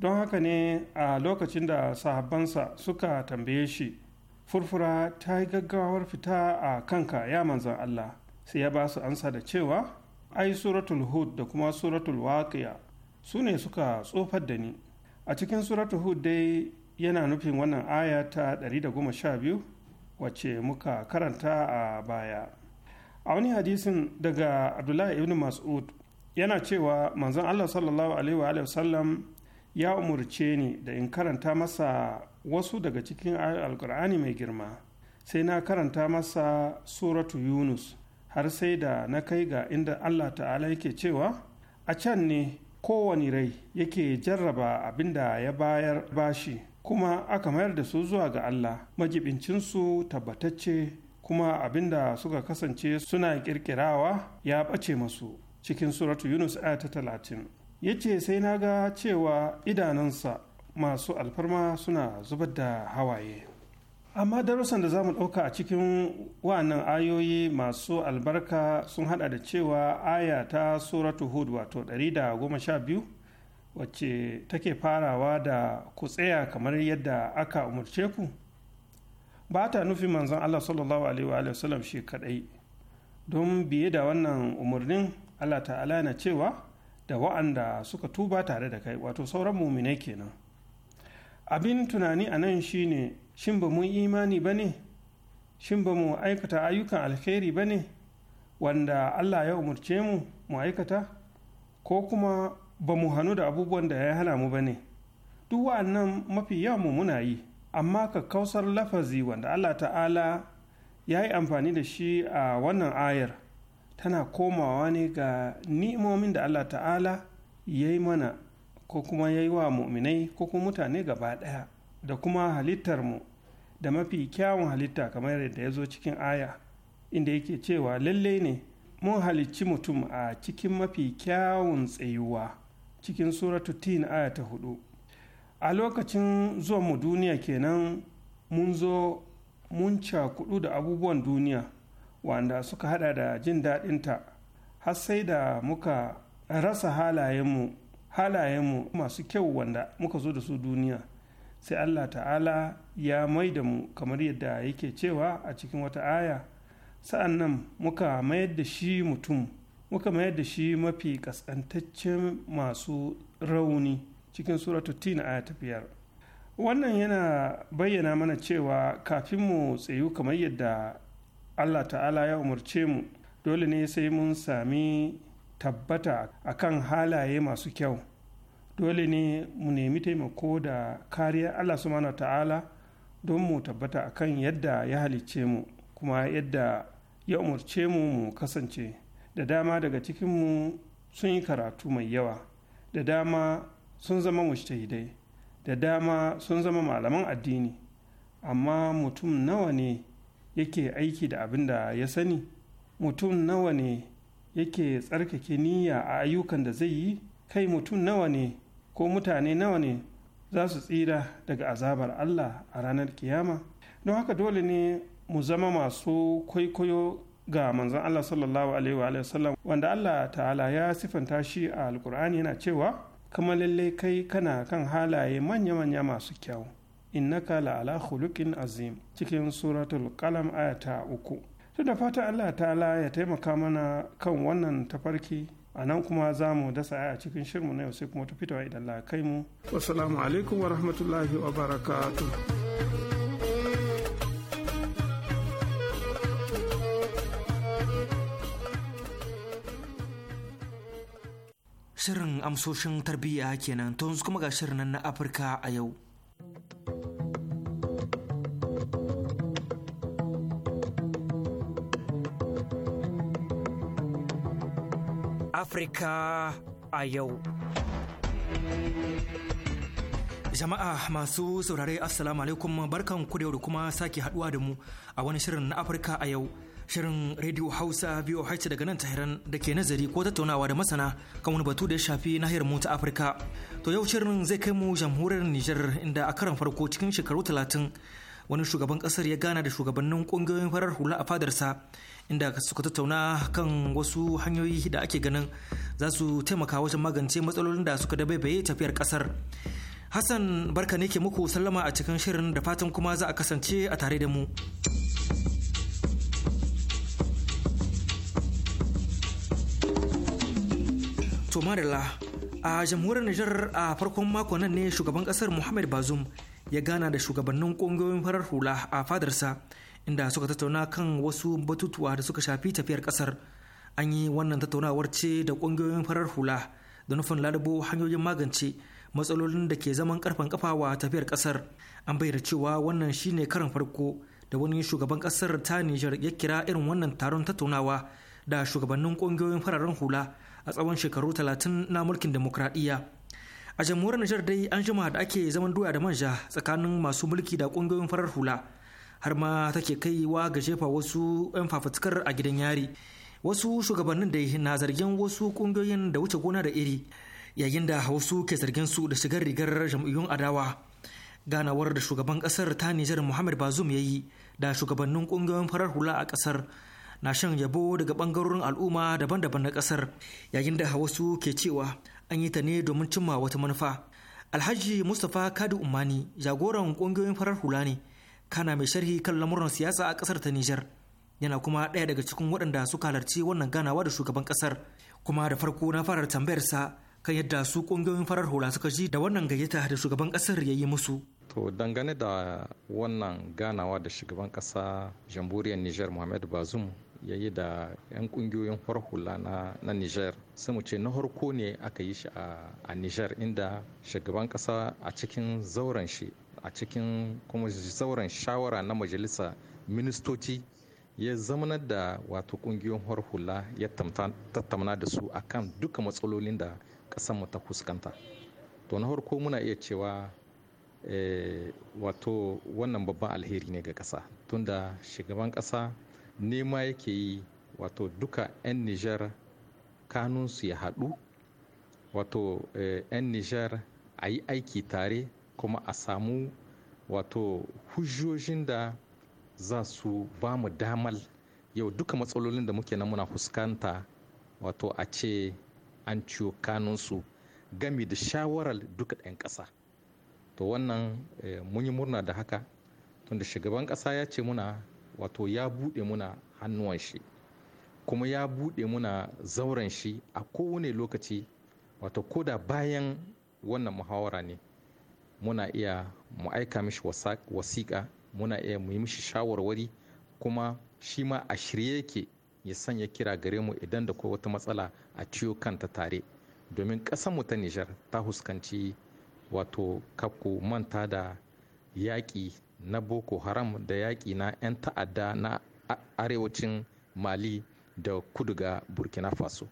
don haka ne a lokacin da sahabbansa suka tambaye shi furfura ta yi gaggawar fita a kanka ya manzon allah sai ya ba su ansa da cewa ai suratul hud da kuma suratul waqiya su ne suka tsofar da ni a cikin suratul hud dai yana nufin wannan aya ta 112 wacce muka karanta a baya a wani hadisin daga abdullahi ibn mas'ud yana cewa manzon allah sallallahu alaihi wa sallam ya umarce ni da in karanta masa wasu daga cikin alkur'ani mai girma sai na karanta masa suratu yunus har sai da na kai ga inda Allah ta'ala yake cewa a can ne kowane rai yake jarraba abin da ya bayar bashi kuma aka mayar da su zuwa ga Allah majibincinsu tabbatacce kuma abin da suka kasance suna kirkirawa ya ɓace masu cikin suratu yunus aya ta talatin ya ce sai na ga cewa idanunsa masu alfarma suna zubar da hawaye amma darussan da za mu ɗauka a cikin wa'annan ayoyi masu albarka sun hada da cewa aya ta suratu hud wato 112 wacce take farawa da ku tsaya kamar yadda aka umarce ku ba ta nufi manzon allah sallallahu alaihi wa sallam shi kadai don biye da wannan umarnin allah ta'ala na cewa da wa'anda suka tuba tare da kai wato sauran muminai kenan abin tunani a nan shine shin ba mun imani ba ne shin ba mu aikata ayyukan alheri ba ne wanda allah ya umarce mu mu aikata ko kuma ba mu hannu da abubuwan da ya hana mu ba ne duk wa'annan mafi yawan mu muna yi amma ka kausar lafazi wanda allah ta'ala ya yi amfani da shi a wannan ayar tana komawa ne ga ni'imomin da allah ta'ala ya yi mana ko kuma ya yi wa mu'minai ko kuma mutane gaba ɗaya da kuma halittarmu da mafi kyawun halitta kamar yadda ya zo cikin aya inda yake cewa lalle ne mun halicci mutum a cikin mafi kyawun tsayuwa cikin suratu tin aya ta hudu a lokacin mu duniya kenan mun zo mun cakudu da abubuwan duniya wanda suka hada da jin daɗinta har sai da muka rasa halayenmu halayenmu masu kyau wanda muka zo da su duniya sai allah ta'ala ya mai da mu kamar yadda yake cewa a cikin wata aya sa'an nan muka mayar da shi mutum muka mayar da shi mafi kaskantaccen masu rauni cikin suratu tin aya ta biyar wannan yana bayyana mana cewa kafin mu tsayu kamar yadda allah ta'ala ya umarce mu dole ne sai mun sami tabbata akan halaye masu kyau dole ne mu nemi taimako da kariyar allah subhanahu ta'ala don mu tabbata a kan yadda ya halicce mu kuma yadda ya umarce mu mu kasance da dama daga cikinmu sun yi karatu mai yawa da dama sun zama mushtahidai da dama sun zama malaman addini amma mutum nawa ne yake aiki da abin da ya sani mutum nawa ne yake tsarkake niyya a ayyukan da zai yi kai mutum nawa ne ko mutane nawa ne za su tsira daga azabar Allah a ranar kiyama don haka dole ne mu zama masu kwaikwayo ga manzon Allah sallallahu alaihi wa wanda Allah ta'ala ya sifanta shi a alkur'ani yana cewa kama lalle kai kana kan halaye manya-manya masu kyau innaka la'ala khuluqin azim cikin suratul qalam ayata uku Tunda da fata Allah ta'ala ya taimaka mana kan wannan tafarki a nan kuma za mu dasa a cikin shirmu na yau sai kuma ta fitowa idan la kai mu wasalamu alaikum wa rahmatullahi wa barakatuh Shirin amsoshin tarbiyya kenan tun su kuma ga shirin na Afirka a yau. Afirka a yau. Jama'a masu saurare Assalamu alaikum barkan ku da yau kuma sake haduwa da mu a wani shirin na Afirka a yau. Shirin Radio Hausa biyu haice daga nan Tahiran da ke nazari ko tattaunawa da masana kan wani batu da ya shafi nahiyar mu ta Afirka. To yau shirin zai kai mu jamhuriyar Nijar inda a karan farko cikin shekaru talatin wani shugaban kasar ya gana da shugabannin kungiyoyin farar hula a fadarsa inda suka tattauna kan wasu hanyoyi da ake ganin za su taimaka wajen magance matsalolin da suka dabaibaye tafiyar kasar hassan barka ne ke muku sallama a cikin shirin da fatan kuma za a kasance a tare da mu to a jamhuriyar nijar a farkon mako nan ne shugaban kasar muhammad bazum ya gana da shugabannin ƙungiyoyin farar hula a fadarsa inda suka tattauna kan wasu batutuwa da suka shafi tafiyar kasar an yi wannan tattaunawar ce da ƙungiyoyin farar hula da nufin lalabo hanyoyin magance matsalolin da ke zaman karfan kafawa tafiyar kasar an bayyana cewa wannan shine karan farko da wani shugaban kasar ta Nijar ya kira irin wannan taron tattaunawa da shugabannin ƙungiyoyin fararen hula a tsawon shekaru talatin na mulkin demokradiyya. A jamhuriyar Nijar dai an jima da ake zaman doya da manja tsakanin masu mulki da ƙungiyoyin farar hula har ma take kaiwa ga jefa wasu 'yan fafutukar a gidan yari wasu shugabannin da na zargin wasu kungiyoyin da wuce gona da iri yayin da wasu ke zargin su da shigar rigar jam'iyyun adawa ganawar da shugaban kasar ta nijar muhammad bazum ya yi da shugabannin kungiyoyin farar hula a kasar na shan yabo daga bangarorin al'umma daban-daban na kasar yayin da wasu ke cewa an yi ta ne domin cimma wata manufa alhaji mustapha kadu umani jagoran kungiyoyin farar hula ne kana mai sharhi kan lamuran siyasa a kasar ta Nijar yana kuma ɗaya daga cikin waɗanda suka halarci wannan ganawa da shugaban kasar kuma da farko na fara tambayar sa kan yadda su ƙungiyoyin farar hula suka ji da wannan gayyata da shugaban kasar ya yi musu to dangane da wannan ganawa da shugaban kasa jamhuriyar Nijar Muhammad bazum ya yi da 'yan kungiyoyin hula na, na niger sai mu ce na harko ne aka yi shi a, a niger inda shugaban kasa a cikin zauren shi a cikin kuma zauren shawara na majalisa ministoci ya zamanar da wato kungiyoyin har hula ya tattauna da su akan duka matsalolin da mu ta fuskanta to na farko muna iya cewa eh, wato wannan babban alheri ne ga ƙasa tunda shugaban ƙasa nema yake yi wato duka 'yan nijar kanunsu ya haɗu wato 'yan eh, nijar a yi aiki tare kuma a samu wato hujjojin da za su ba mu damal yau duka matsalolin da muke nan muna fuskanta wato a ce an ciyo kanunsu gami da shawarar duka ɗan ƙasa to wannan eh, mun yi murna da haka tunda shugaban ƙasa ya ce muna wato ya buɗe muna hannuwan shi kuma ya buɗe muna zauren shi a kowane lokaci wato koda bayan wannan muhawara ne muna iya mu aika mishi wasiƙa muna iya mu yi mishi shawarwari kuma shi ma a shirye yake ya sanya kira gare mu idan da kai wata matsala a ciyo kanta tare domin mu ta nijar ta huskanci wato kafko manta da yaƙi na boko haram da yaƙi na 'yan ta'adda na arewacin mali da kudu ga burkina faso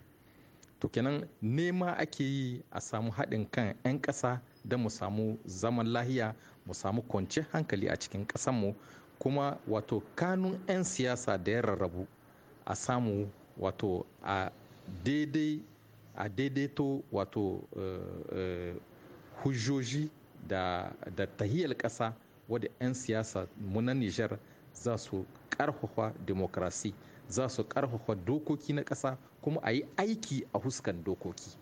to kenan nema ake yi a samu haɗin kan 'yan ƙasa don mu samu zaman lahiya mu samu kwanciyar hankali a cikin ƙasanmu kuma wato kanun 'yan siyasa da ya rarrabu a samu wato a daidai a daidaito wato eh, eh, hujjoji da, tahiyar ƙasa wadda 'yan siyasa mu na nijar za su ƙarfafa demokrasi za su ƙarfafa dokoki na ƙasa kuma a yi aiki a huskan dokoki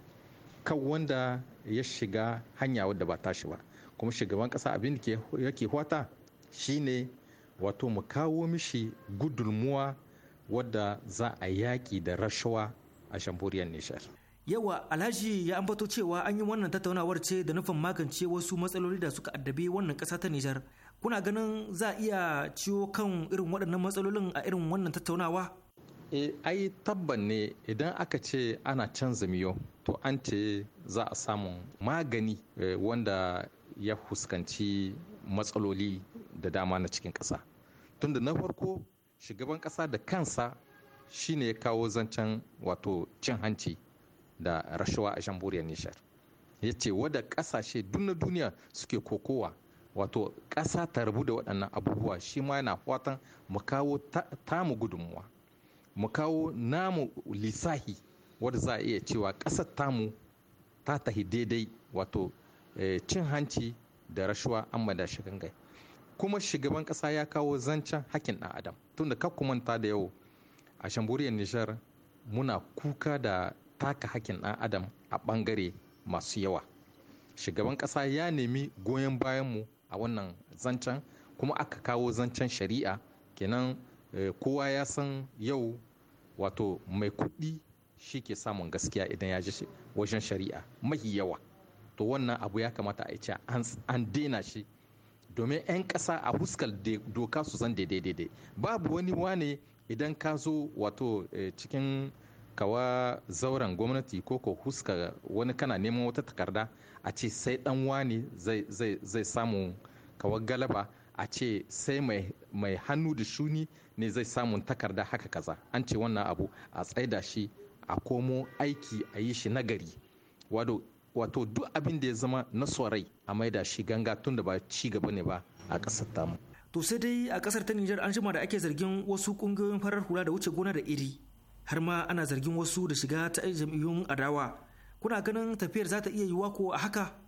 kan wanda ya shiga hanya wadda ba tashi ba kuma shugaban kasa abin da yake hwata shine wato mu kawo mishi gudunmuwa wadda za a yaƙi da rashawa a shamburiyar nishar yawa alhaji ya ambato cewa an yi wannan tattaunawar ce da nufin magance wasu matsaloli da suka addabi wannan ƙasa ta nijar kuna ganin za a iya ciwo kan irin waɗannan matsalolin a irin wannan tattaunawa e ai tabban ne idan aka ce ana canza miyo to an ce za a samu magani eh, wanda ya fuskanci matsaloli da dama na cikin ƙasa tunda na farko shugaban ƙasa da kansa shine ya kawo zancen wato cin hanci da rashawa a jamhuriyar nishar ya ce wadda ƙasashe duniya suke kokowa wato ƙasa ta rabu da waɗannan abubuwa shi ma yana fatan mu kawo tamu gudunmuwa mu kawo namu lisahi wadda za a iya cewa ƙasar tamu ta tahi daidai wato eh, cin hanci da rashuwa an mada shi kuma shugaban ƙasa ya kawo zancen hakin ɗan adam tunda ka manta da yau a shamburiyar nijar muna kuka da taka hakin ɗan adam a ɓangare masu yawa shugaban ƙasa ya nemi goyon bayanmu a wannan zancen kuma aka kawo zancen shari'a kenan Eh, kowa ya san yau wato mai kuɗi shi ke samun gaskiya idan ya ji wajen shari'a mahi yawa to wannan abu ya kamata a ce an dena shi domin 'yan ƙasa a huskar doka su san daidai babu wani wane idan ka zo wato eh, cikin kawa zauren gwamnati ko ko huska wani kana neman wata takarda a ce sai dan wane zai samu kawar galaba a ce sai mai hannu da shuni ne zai samun takarda haka kaza an ce wannan abu a tsaida shi a komo aiki a yi shi nagari wato duk abin da ya zama na sorai a da shi ganga tun da ba ci gaba ne ba a ƙasar tamu to sai dai a ƙasar ta Nijar an jima da ake zargin wasu ƙungiyoyin farar hula da wuce gona da iri har ma ana zargin wasu da shiga ta jam'iyyun adawa kuna ganin tafiyar za ta iya yiwa ko a haka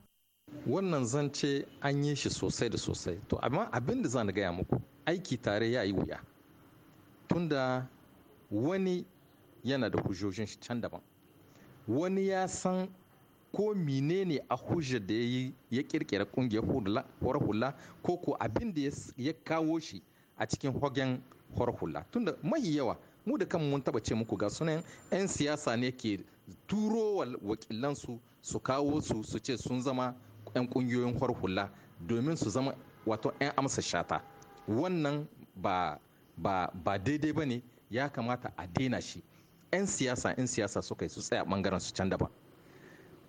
wannan zance an yi shi sosai da sosai to amma abin da zan gaya muku aiki tare ya yi wuya tunda wani yana da hujjojin shi can daban wani ya san ko menene a hujjar da ya yi ya kirkira kungiyar hula ko ko abin da ya kawo shi a cikin hogen hula tunda mahi yawa mu da kan mun taba ce muku ga sunan 'yan siyasa ne ke turo wakilansu su kawo su su ce sun zama 'yan ƙungiyoyin har hula domin su zama wato 'yan amsa shata wannan ba daidai ba ne ya kamata a daina shi 'yan siyasa 'yan siyasa suka yi su tsaya bangaren su can daban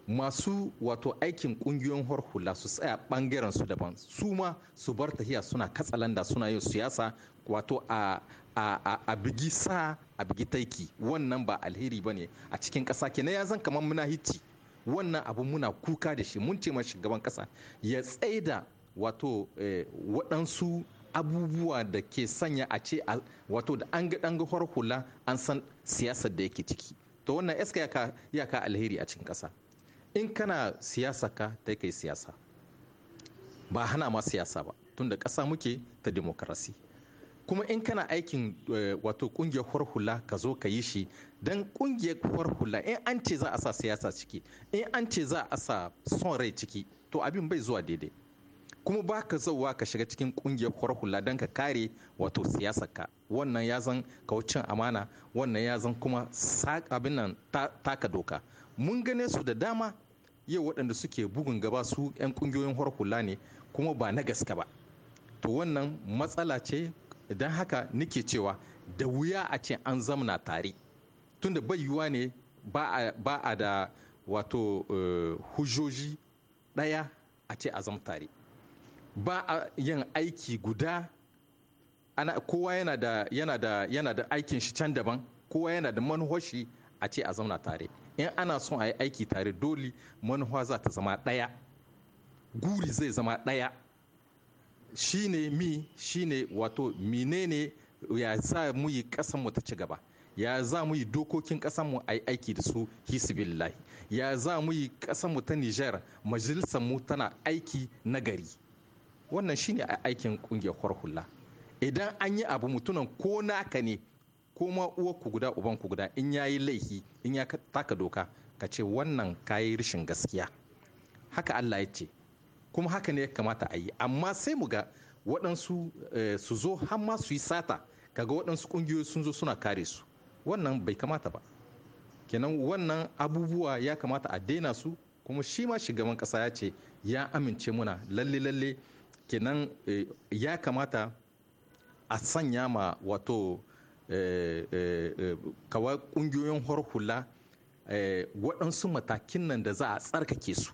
masu wato aikin ƙungiyoyin har hula su tsaya bangaren su daban su ma su bar tahiya suna katsalanda suna yin siyasa wato a a, a, bigi sa a bigi taiki wannan ba alheri ba ne a cikin ƙasa kenan ya zan kamar muna hicci wannan abu muna kuka da shi mun ce ma shugaban kasa ya tsaida wato eh, waɗansu abubuwa da ke sanya a ce wato da an ga ɗan hula an san siyasar da yake ciki to wannan iska ya ka alheri a cikin ƙasa in kana siyasa ka ta kai siyasa ba hana ma siyasa ba tunda ƙasa muke ta demokarasi kuma in kana aikin eh, wato kungiyar hula ka zo ka yi shi don kungiyar hula in an ce za a sa siyasa ciki in an ce za a sa son rai ciki to abin bai zuwa daidai kuma ba ka zauwa ka shiga cikin kungiyar hula don ka kare wato ka wannan ya zan kaucin amana wannan ya zan kuma abin nan taka doka mun gane su da dama yau waɗanda suke bugun gaba su 'yan kungiyoyin hula ne kuma ba na gaske ba to wannan matsala ce Idan haka nake cewa da wuya a ce an zamna tare tunda bai yiwuwa ne ba a da wato eh, hujjoji ɗaya a ce a zama tare ba a yin aiki guda ana kowa yana da aikin shi can daban kowa yana da manhoshi a ce a zauna tare in ana son a yi aiki tare dole manuwa za ta zama ɗaya guri zai zama ɗaya shine mi shine wato menene ya za mu yi kasan mu ta ci gaba ya za mu yi dokokin kasan mu a yi aiki da su hisibillahi ya za mu yi kasan mu ta Nijar majalisar mu tana aiki na gari wannan shine aikin kungiyar hula idan an yi abu mutunan ko naka ne ko ma uwarku guda ubanku guda in ya yi laifi in ya taka doka ka ce wannan kayi rashin gaskiya haka Allah ya ce kuma haka ne ya kamata a yi amma sai mu ga waɗansu eh, su zo har ma su yi sata kaga waɗansu ƙungiyoyi sun zo suna kare su wannan bai kamata ba kenan wannan abubuwa ya kamata a daina su kuma shi ma shugaban ƙasa ya ce ya amince muna lalle lalle kenan eh, ya kamata a sanya ma wato eh, kawai ƙungiyoyin hula waɗansu matakin nan da za a tsarkake su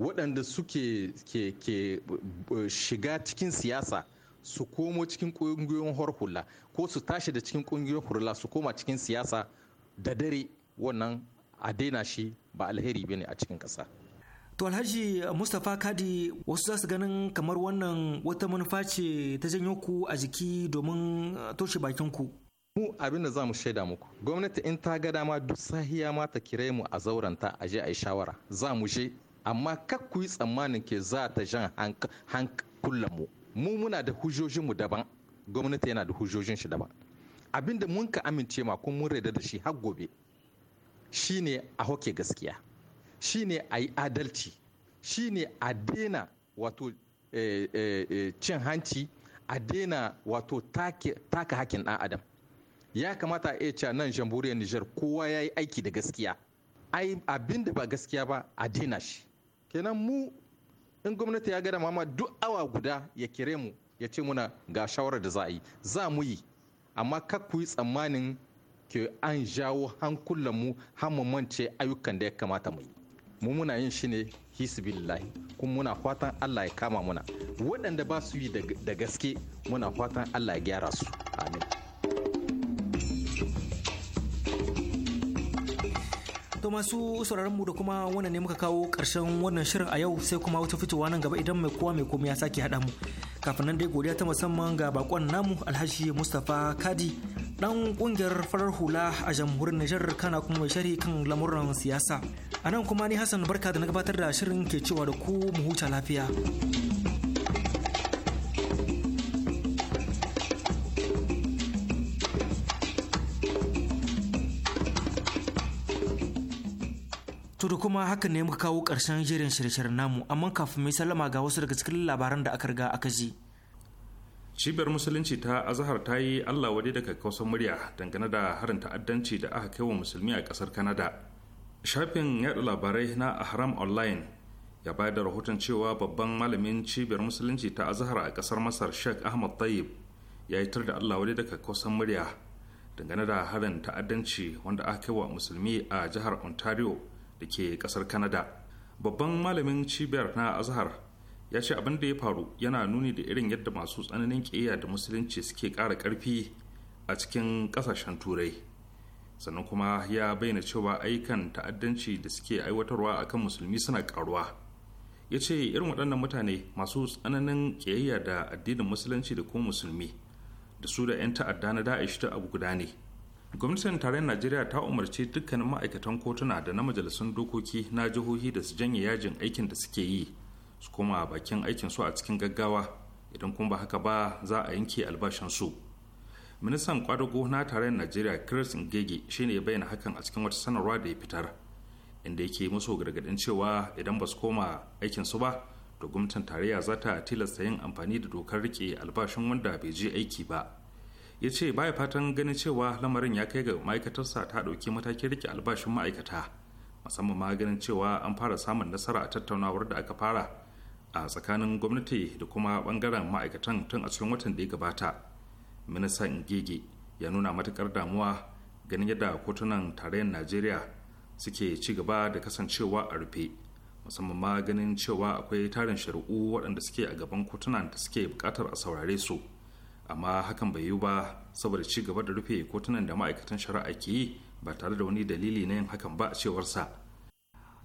waɗanda suke ke, ke eh, shiga cikin siyasa su komo cikin ƙungiyoyin horhula ko su tashi da cikin ƙungiyoyin horhula su koma cikin siyasa da dare wannan a daina shi ba alheri ba ne a cikin ƙasa. To Alhaji Mustapha Kadi wasu za su ganin kamar wannan wata manufa ce ta janyo ku a jiki domin eh, toshe bakin ku. mu abin da za mu shaida muku gwamnati in ta ga dama duk sahiya ma ta kire mu a zauranta a je a yi shawara za mu je amma kar ku yi tsammanin ke za ta jan hankulanmu mu muna da hujjojinmu daban gwamnati yana da hujjojin shi daban abinda mun ka amince ma kun mun raida da shi har gobe shine a hoke gaskiya shine a yi adalci shine a daina wato eh, eh, eh, cin hanci a daina wato taka hakin ɗan adam ya kamata a iya nan jamhuriyar nijar kowa ya yi aiki da gaskiya abinda ba gaskiya ba a daina shi kenan mu in gwamnati ya gada mama duk awa guda ya kire mu ya ce muna ga shawarar da za a yi za mu yi amma kar ku yi tsammanin ke an jawo hankulan mu har mu mance ayyukan da ya kamata mu yi mu muna yin shi ne hisbillahi kuma muna fatan Allah ya kama muna waɗanda ba su yi da gaske muna fatan Allah ya gyara su amin masu sauraron mu da kuma wannan ne muka kawo karshen wannan shirin a yau sai kuma wata fitowa nan gaba idan mai kowa mai komai ya sake haɗa mu. Kafin nan dai godiya ta musamman ga bakon namu Alhaji Mustapha Kadi dan kungiyar farar hula a jamhuriyar Nijar kana kuma mai shari kan lamuran siyasa. A nan kuma ni Hassan Barka da na gabatar da shirin ke cewa da ku mu huta lafiya. da kuma haka ne muka kawo ƙarshen jerin shirye-shiryen namu amma kafin mai sallama ga wasu daga cikin labaran da aka riga aka ji. Cibiyar Musulunci ta Azahar ta yi Allah wade daga kakkausan murya dangane da harin ta'addanci da aka kai wa musulmi a kasar Kanada. Shafin yaɗa labarai na Ahram Online ya bayar da rahoton cewa babban malamin cibiyar Musulunci ta Azahar a kasar Masar Sheikh Ahmad Tayyib ya yi tar da Allah wade da kakkausan murya dangane da harin ta'addanci wanda aka kai wa musulmi a jihar Ontario da ke kasar canada babban malamin cibiyar na azhar ya ce abin da ya faru yana nuni da irin yadda masu tsananin ƙiyayya da musulunci suke ƙara ƙarfi a cikin ƙasashen turai sannan kuma ya bayyana cewa ayyukan ta'addanci da suke aiwatarwa a kan musulmi suna ƙaruwa ya ce irin waɗannan mutane masu tsananin ƙiyayya da addinin musulunci da kuma musulmi da su da 'yan ta'adda na da'ish ta abu guda ne gwamnatin tarayyar najeriya ta umarci dukkanin ma'aikatan kotuna da na majalisun dokoki na jihohi da su janye yajin aikin da suke yi su koma bakin aikin su a cikin gaggawa idan kuma ba haka ba za a yanke albashin su ministan kwadago na tarayyar najeriya chris ngege shine ya bayyana hakan a cikin wata sanarwa da ya fitar inda yake musu gargadin cewa idan ba su koma aikin su ba to gwamnatin tarayya za ta tilasta yin amfani da dokar rike albashin wanda bai je aiki ba ya ce baya fatan ganin cewa lamarin ya kai ga ma'aikatarsa ta ɗauki matakin rike albashin ma'aikata musamman ma ganin cewa an fara samun nasara a tattaunawar da aka fara a tsakanin gwamnati da kuma bangaren ma'aikatan tun a cikin watan da ya gabata minista gege ya nuna matukar damuwa ganin yadda kotunan tarayyar najeriya suke ci gaba da kasancewa a rufe musamman ma ganin cewa akwai tarin shari'u waɗanda suke a gaban kotunan da suke buƙatar a saurare su amma hakan bai yiwu ba saboda ci gaba da rufe kotunan da ma'aikatan shari'a ke yi ba tare da wani dalili na yin hakan ba a cewarsa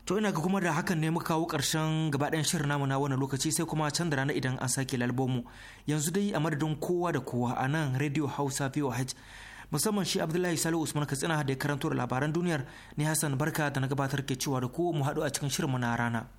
to ina ga kuma da hakan ne muka kawo karshen gabaɗayan shirin namu na wannan lokaci sai kuma can da rana idan an sake lalbomu yanzu dai a madadin kowa da kowa a nan radio hausa voh musamman shi abdullahi salihu usman katsina da ya karanto labaran duniyar ni hassan barka da na gabatar ke cewa da ko mu haɗu a cikin shirin mu na rana